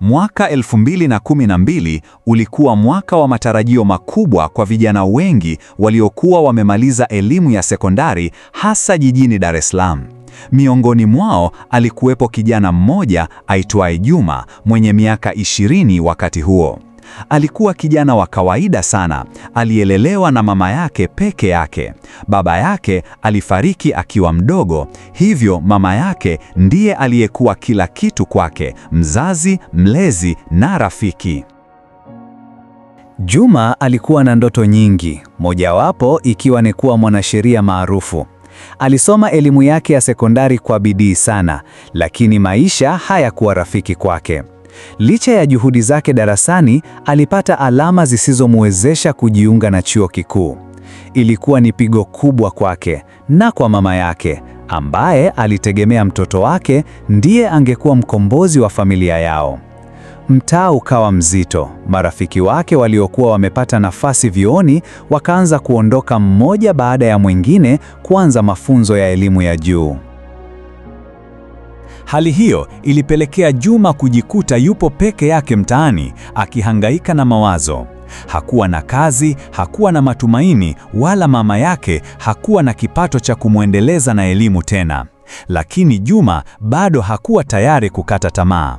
Mwaka 2012 ulikuwa mwaka wa matarajio makubwa kwa vijana wengi waliokuwa wamemaliza elimu ya sekondari hasa jijini Dar es Salaam. Miongoni mwao alikuwepo kijana mmoja aitwaye Juma mwenye miaka 20 wakati huo. Alikuwa kijana wa kawaida sana, aliyelelewa na mama yake peke yake. Baba yake alifariki akiwa mdogo, hivyo mama yake ndiye aliyekuwa kila kitu kwake, mzazi, mlezi na rafiki. Juma alikuwa na ndoto nyingi, mojawapo ikiwa ni kuwa mwanasheria maarufu. Alisoma elimu yake ya sekondari kwa bidii sana, lakini maisha hayakuwa rafiki kwake. Licha ya juhudi zake darasani, alipata alama zisizomwezesha kujiunga na chuo kikuu. Ilikuwa ni pigo kubwa kwake na kwa mama yake, ambaye alitegemea mtoto wake ndiye angekuwa mkombozi wa familia yao. Mtaa ukawa mzito. Marafiki wake waliokuwa wamepata nafasi vyuoni wakaanza kuondoka mmoja baada ya mwingine kuanza mafunzo ya elimu ya juu. Hali hiyo ilipelekea Juma kujikuta yupo peke yake mtaani akihangaika na mawazo. Hakuwa na kazi, hakuwa na matumaini, wala mama yake hakuwa na kipato cha kumwendeleza na elimu tena. Lakini Juma bado hakuwa tayari kukata tamaa.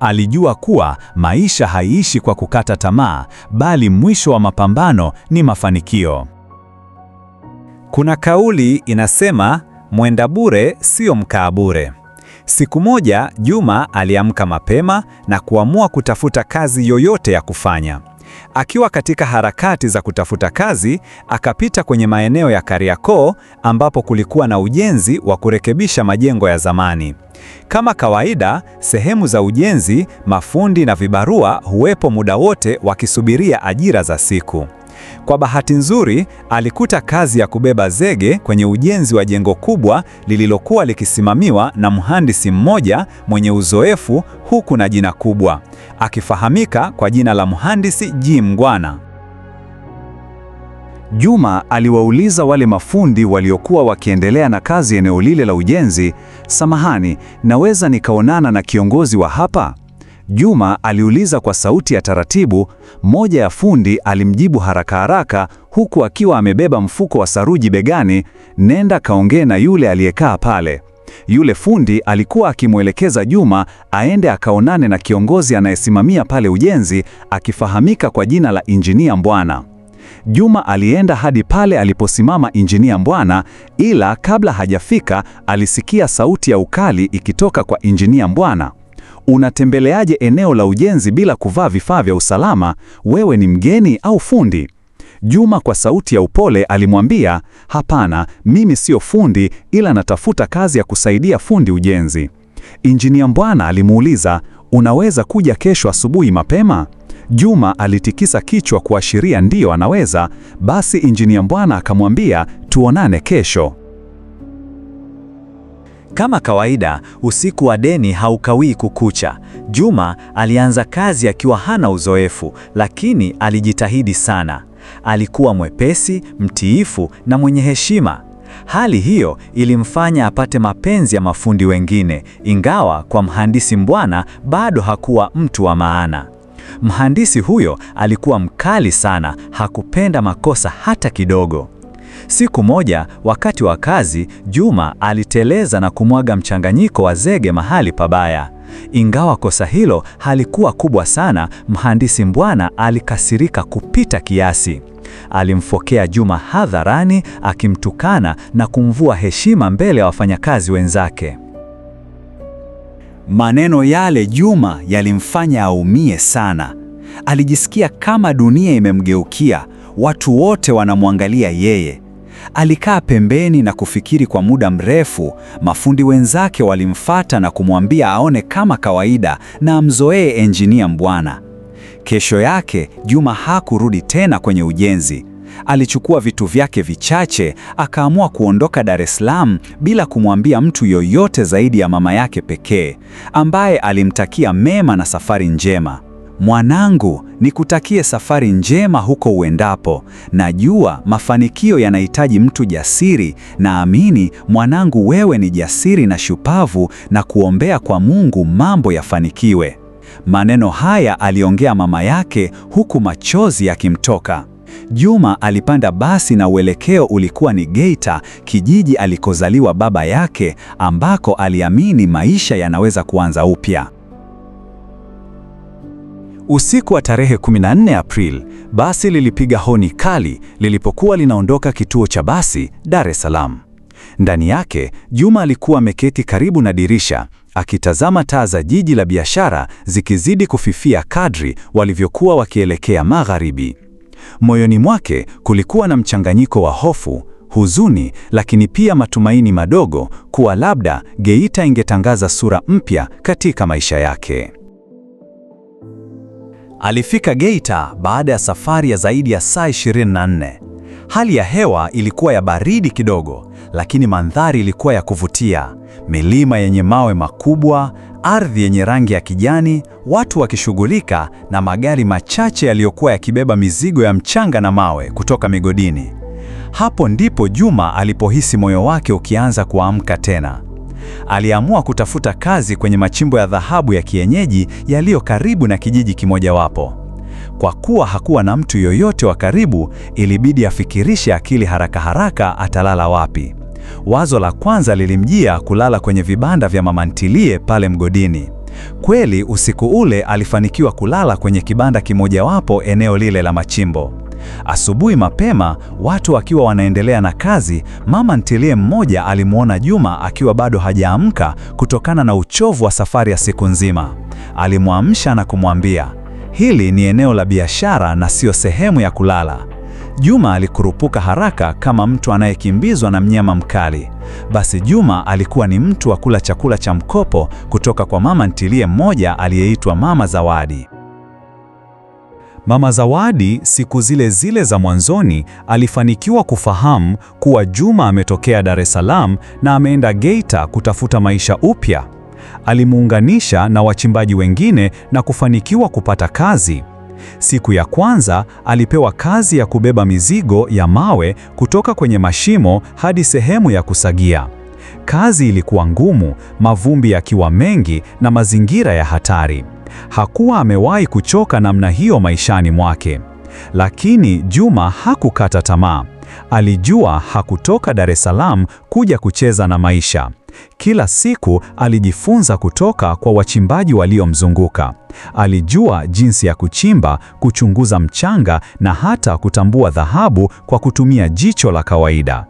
Alijua kuwa maisha haiishi kwa kukata tamaa, bali mwisho wa mapambano ni mafanikio. Kuna kauli inasema, mwenda bure sio mkaa bure. Siku moja Juma aliamka mapema na kuamua kutafuta kazi yoyote ya kufanya. Akiwa katika harakati za kutafuta kazi, akapita kwenye maeneo ya Kariakoo ambapo kulikuwa na ujenzi wa kurekebisha majengo ya zamani. Kama kawaida, sehemu za ujenzi, mafundi na vibarua huwepo muda wote wakisubiria ajira za siku. Kwa bahati nzuri, alikuta kazi ya kubeba zege kwenye ujenzi wa jengo kubwa lililokuwa likisimamiwa na mhandisi mmoja mwenye uzoefu huku na jina kubwa, akifahamika kwa jina la Mhandisi Jim Mngwana. Juma aliwauliza wale mafundi waliokuwa wakiendelea na kazi eneo lile la ujenzi, "Samahani, naweza nikaonana na kiongozi wa hapa?" Juma aliuliza kwa sauti ya taratibu. Mmoja ya fundi alimjibu haraka haraka, huku akiwa amebeba mfuko wa saruji begani, nenda kaongee na yule aliyekaa pale. Yule fundi alikuwa akimwelekeza Juma aende akaonane na kiongozi anayesimamia pale ujenzi, akifahamika kwa jina la Injinia Mbwana. Juma alienda hadi pale aliposimama Injinia Mbwana, ila kabla hajafika alisikia sauti ya ukali ikitoka kwa Injinia Mbwana. Unatembeleaje eneo la ujenzi bila kuvaa vifaa vya usalama? Wewe ni mgeni au fundi? Juma kwa sauti ya upole alimwambia, hapana, mimi sio fundi, ila natafuta kazi ya kusaidia fundi ujenzi. Injinia Mbwana alimuuliza, unaweza kuja kesho asubuhi mapema? Juma alitikisa kichwa kuashiria ndiyo anaweza. Basi Injinia Mbwana akamwambia, tuonane kesho. Kama kawaida, usiku wa deni haukawii kukucha. Juma alianza kazi akiwa hana uzoefu, lakini alijitahidi sana. Alikuwa mwepesi, mtiifu na mwenye heshima. Hali hiyo ilimfanya apate mapenzi ya mafundi wengine, ingawa kwa mhandisi Mbwana bado hakuwa mtu wa maana. Mhandisi huyo alikuwa mkali sana, hakupenda makosa hata kidogo. Siku moja wakati wa kazi, Juma aliteleza na kumwaga mchanganyiko wa zege mahali pabaya. Ingawa kosa hilo halikuwa kubwa sana, mhandisi Mbwana alikasirika kupita kiasi. Alimfokea Juma hadharani akimtukana na kumvua heshima mbele ya wafanyakazi wenzake. Maneno yale Juma yalimfanya aumie sana. Alijisikia kama dunia imemgeukia, watu wote wanamwangalia yeye. Alikaa pembeni na kufikiri kwa muda mrefu. Mafundi wenzake walimfata na kumwambia aone kama kawaida na amzoee enjinia Mbwana. Kesho yake Juma hakurudi tena kwenye ujenzi. Alichukua vitu vyake vichache, akaamua kuondoka Dar es Salaam bila kumwambia mtu yoyote zaidi ya mama yake pekee, ambaye alimtakia mema na safari njema. Mwanangu, nikutakie safari njema huko uendapo. Najua mafanikio yanahitaji mtu jasiri. Naamini mwanangu, wewe ni jasiri na shupavu, na kuombea kwa Mungu mambo yafanikiwe. Maneno haya aliongea mama yake huku machozi yakimtoka. Juma alipanda basi na uelekeo ulikuwa ni Geita, kijiji alikozaliwa baba yake, ambako aliamini maisha yanaweza kuanza upya. Usiku wa tarehe 14 April, basi lilipiga honi kali lilipokuwa linaondoka kituo cha basi Dar es Salaam. Ndani yake Juma alikuwa ameketi karibu na dirisha akitazama taa za jiji la biashara zikizidi kufifia kadri walivyokuwa wakielekea magharibi. Moyoni mwake kulikuwa na mchanganyiko wa hofu, huzuni, lakini pia matumaini madogo kuwa labda Geita ingetangaza sura mpya katika maisha yake. Alifika Geita baada ya safari ya zaidi ya saa 24. Hali ya hewa ilikuwa ya baridi kidogo, lakini mandhari ilikuwa ya kuvutia: milima yenye mawe makubwa, ardhi yenye rangi ya kijani, watu wakishughulika na magari machache yaliyokuwa yakibeba mizigo ya mchanga na mawe kutoka migodini. Hapo ndipo Juma alipohisi moyo wake ukianza kuamka tena aliamua kutafuta kazi kwenye machimbo ya dhahabu ya kienyeji yaliyo karibu na kijiji kimojawapo. Kwa kuwa hakuwa na mtu yoyote wa karibu, ilibidi afikirishe akili haraka haraka atalala wapi. Wazo la kwanza lilimjia kulala kwenye vibanda vya mama ntilie pale mgodini. Kweli usiku ule alifanikiwa kulala kwenye kibanda kimojawapo eneo lile la machimbo. Asubuhi mapema, watu wakiwa wanaendelea na kazi, mama ntilie mmoja alimwona Juma akiwa bado hajaamka kutokana na uchovu wa safari ya siku nzima. Alimwamsha na kumwambia, hili ni eneo la biashara na siyo sehemu ya kulala. Juma alikurupuka haraka kama mtu anayekimbizwa na mnyama mkali. Basi Juma alikuwa ni mtu wa kula chakula cha mkopo kutoka kwa mama ntilie mmoja aliyeitwa Mama Zawadi. Mama Zawadi siku zile zile za mwanzoni alifanikiwa kufahamu kuwa Juma ametokea Dar es Salaam na ameenda Geita kutafuta maisha upya. Alimuunganisha na wachimbaji wengine na kufanikiwa kupata kazi. Siku ya kwanza alipewa kazi ya kubeba mizigo ya mawe kutoka kwenye mashimo hadi sehemu ya kusagia. Kazi ilikuwa ngumu, mavumbi yakiwa mengi na mazingira ya hatari. Hakuwa amewahi kuchoka namna hiyo maishani mwake. Lakini Juma hakukata tamaa. Alijua hakutoka Dar es Salaam kuja kucheza na maisha. Kila siku alijifunza kutoka kwa wachimbaji waliomzunguka. Alijua jinsi ya kuchimba, kuchunguza mchanga na hata kutambua dhahabu kwa kutumia jicho la kawaida.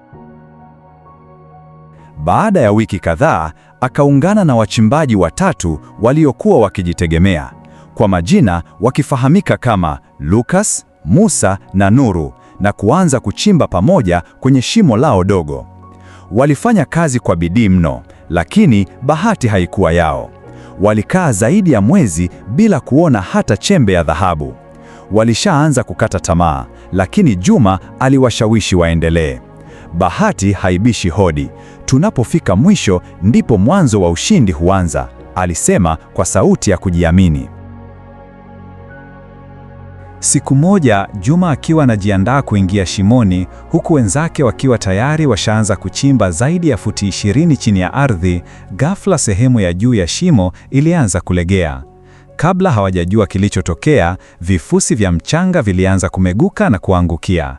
Baada ya wiki kadhaa, akaungana na wachimbaji watatu waliokuwa wakijitegemea kwa majina wakifahamika kama Lucas, Musa na Nuru na kuanza kuchimba pamoja kwenye shimo lao dogo. Walifanya kazi kwa bidii mno, lakini bahati haikuwa yao. Walikaa zaidi ya mwezi bila kuona hata chembe ya dhahabu. Walishaanza kukata tamaa, lakini Juma aliwashawishi waendelee bahati haibishi hodi, tunapofika mwisho ndipo mwanzo wa ushindi huanza, alisema kwa sauti ya kujiamini. Siku moja Juma akiwa anajiandaa kuingia shimoni, huku wenzake wakiwa tayari washaanza kuchimba zaidi ya futi ishirini chini ya ardhi, ghafla sehemu ya juu ya shimo ilianza kulegea. Kabla hawajajua kilichotokea, vifusi vya mchanga vilianza kumeguka na kuangukia.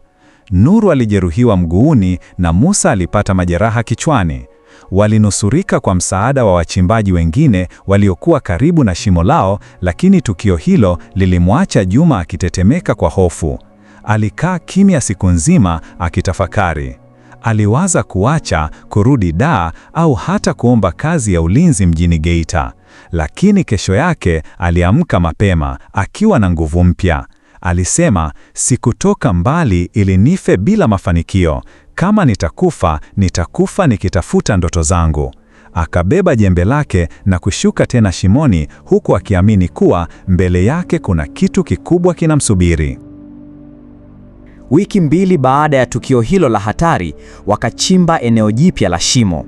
Nuru alijeruhiwa mguuni na Musa alipata majeraha kichwani. Walinusurika kwa msaada wa wachimbaji wengine waliokuwa karibu na shimo lao, lakini tukio hilo lilimwacha Juma akitetemeka kwa hofu. Alikaa kimya siku nzima akitafakari. Aliwaza kuacha, kurudi Dar au hata kuomba kazi ya ulinzi mjini Geita. Lakini kesho yake aliamka mapema akiwa na nguvu mpya. Alisema, sikutoka mbali ili nife bila mafanikio. Kama nitakufa, nitakufa nikitafuta ndoto zangu. Akabeba jembe lake na kushuka tena shimoni, huku akiamini kuwa mbele yake kuna kitu kikubwa kinamsubiri. Wiki mbili baada ya tukio hilo la hatari, wakachimba eneo jipya la shimo.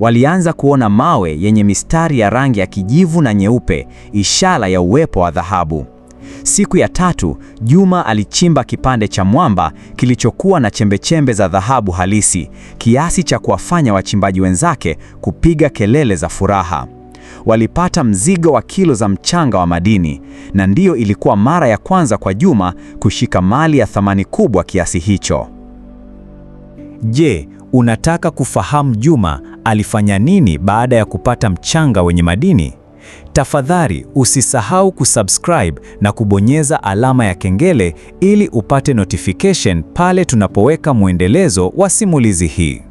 Walianza kuona mawe yenye mistari ya rangi ya kijivu na nyeupe, ishara ya uwepo wa dhahabu. Siku ya tatu, Juma alichimba kipande cha mwamba kilichokuwa na chembechembe za dhahabu halisi, kiasi cha kuwafanya wachimbaji wenzake kupiga kelele za furaha. Walipata mzigo wa kilo za mchanga wa madini, na ndiyo ilikuwa mara ya kwanza kwa Juma kushika mali ya thamani kubwa kiasi hicho. Je, unataka kufahamu Juma alifanya nini baada ya kupata mchanga wenye madini? Tafadhali usisahau kusubscribe na kubonyeza alama ya kengele ili upate notification pale tunapoweka mwendelezo wa simulizi hii.